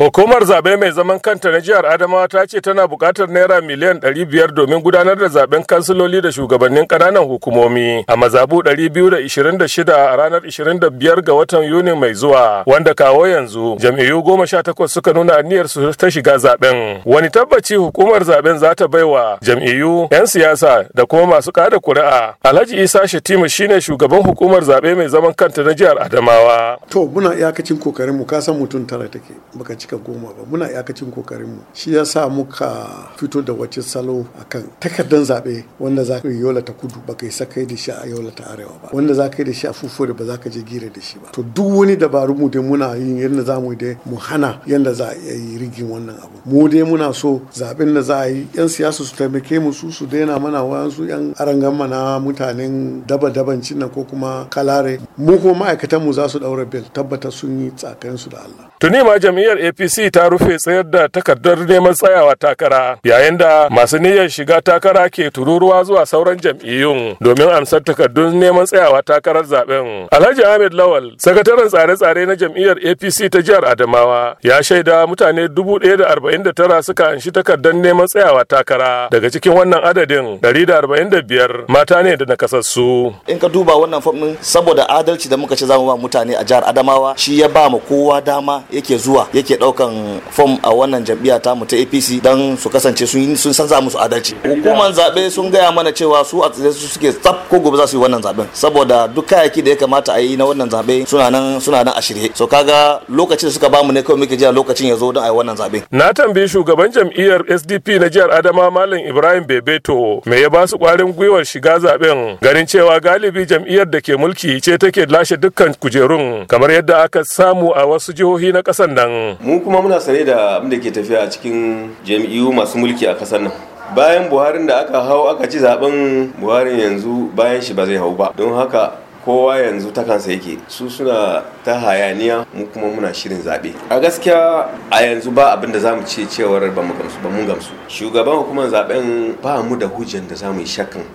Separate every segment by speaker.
Speaker 1: Ho Hukumar zaɓe mai zaman kanta na jihar Adamawa ta ce tana buƙatar naira miliyan ɗari biyar domin gudanar da zaɓen kansiloli da shugabannin ƙananan hukumomi a mazabu 226 a ranar 25 ga watan Yuni mai zuwa wanda kawo yanzu jam'iyyu goma sha 18 suka nuna aniyar su ta shiga zaɓen. Wani tabbaci hukumar zaɓen za ta bai wa? jam'iyyu 'yan siyasa da kuma masu kada kuri'a. Alhaji Isa Shatima shine shugaban hukumar zaɓe mai zaman kanta na jihar Adamawa.
Speaker 2: To muna iyakacin kokarin mu ka mutum tara take baka cika goma ba muna iyakacin mu. shi ya sa muka fito da wacce salo a kan takardar zaɓe wanda za ka yi yola ta kudu ba ka yi sakai da shi a yola ta arewa ba wanda za ka yi da shi a fufure ba za ka je gira da shi ba to duk wani dabaru mu dai muna yin yadda za mu dai mu hana yadda za a yi rigin wannan abu mu dai muna so zaɓen da za a yi yan siyasa su taimake mu su su daina mana wayansu yan arangan mana mutanen daba-daban cinna ko kuma kalare mu kuma ma'aikatan mu za su daura bel tabbata sun yi su da Allah.
Speaker 1: Tuni ma jam'iyyar APC apc ta rufe tsayar da takardar neman tsayawa takara yayin da masu niyyar shiga takara ke tururuwa zuwa sauran jam'iyyun domin amsar takardun neman tsayawa takarar zaben alhaji ahmed lawal sakataren tsare-tsare na jam'iyyar apc ta jihar adamawa ya shaida mutane dubu da arba'in tara suka anshi takardar neman tsayawa takara daga cikin wannan adadin ɗari da arba'in biyar mata ne da nakasassu in ka duba wannan fom saboda
Speaker 3: adalci da muka ce zama ba mutane a jihar adamawa shi ya ba mu kowa dama yake zuwa yake ɗauka dukkan fom a wannan jam'iyya ta mu ta APC dan su kasance sun sun san za musu adalci hukuman zabe sun gaya mana cewa su a tsaye su suke tsaf ko gobe za su yi wannan zaben saboda duk kayayyaki da ya kamata a yi na wannan zabe suna nan suna nan a shirye so kaga lokacin da suka ba mu ne kawai muke jira lokacin ya zo don a yi wannan zabe
Speaker 1: na tambayi shugaban jam'iyyar SDP na jihar Adama Malam Ibrahim Bebeto me ya ba su kwarin gwiwar shiga zaben ganin cewa galibi jam'iyyar da ke mulki ce take lashe dukkan kujerun kamar yadda aka samu a wasu jihohi na kasan
Speaker 4: nan kuma muna sane da abin da ke tafiya a cikin jam'iyyu masu mulki a kasar nan bayan buharin da aka hau aka ci zaben buharin yanzu bayan shi ba zai hau ba don haka kowa yanzu ta kansa yake su suna ta hayaniya mu kuma muna shirin zaɓe a gaskiya a yanzu ba abin da za mu ce cewar ba mu gamsu gamsu shugaban hukumar zaɓen ba mu da hujjan da za mu yi shakkan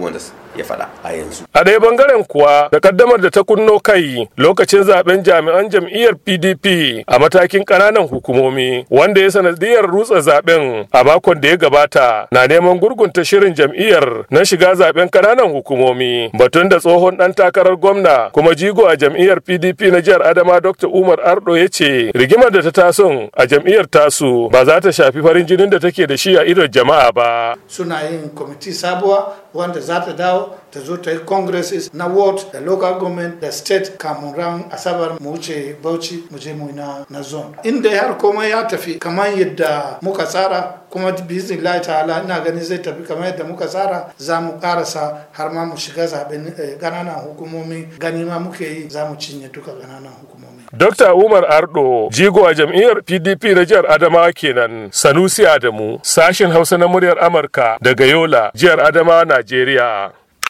Speaker 4: abubuwan da ya faɗa a yanzu.
Speaker 1: A ɗaya bangaren kuwa kaddamar da ta kunno kai lokacin zaben jami'an jam'iyyar PDP a matakin ƙananan hukumomi wanda ya sanadiyar rutsa zaben a makon da ya gabata na neman gurgunta shirin jam'iyyar na shiga zaben ƙananan hukumomi batun da tsohon ɗan takarar gwamna kuma jigo a jam'iyyar PDP na jihar Adama Dr. Umar Ardo ya ce rigimar da ta taso a jam'iyyar tasu ba za ta shafi farin jinin da take da shi a idon jama'a ba.
Speaker 2: Suna yin kwamiti sabuwa wanda without a doubt, ta zo ta yi na ward da local government da state kamun ran asabar mu wuce bauchi mu je mu na na zone dai har komai ya tafi kamar yadda muka tsara kuma ta ta'ala ina ganin zai tafi kamar yadda muka tsara za mu karasa har ma mu shiga zaben eh, ƙananan hukumomi gani ma muke yi za mu cinye duka ƙananan
Speaker 1: hukumomi Dr. Umar Ardo, jigo a jam'iyyar PDP na jihar Adamawa kenan, Sanusi Adamu, sashen Hausa na muryar Amurka daga Yola, jihar Adamawa, Najeriya.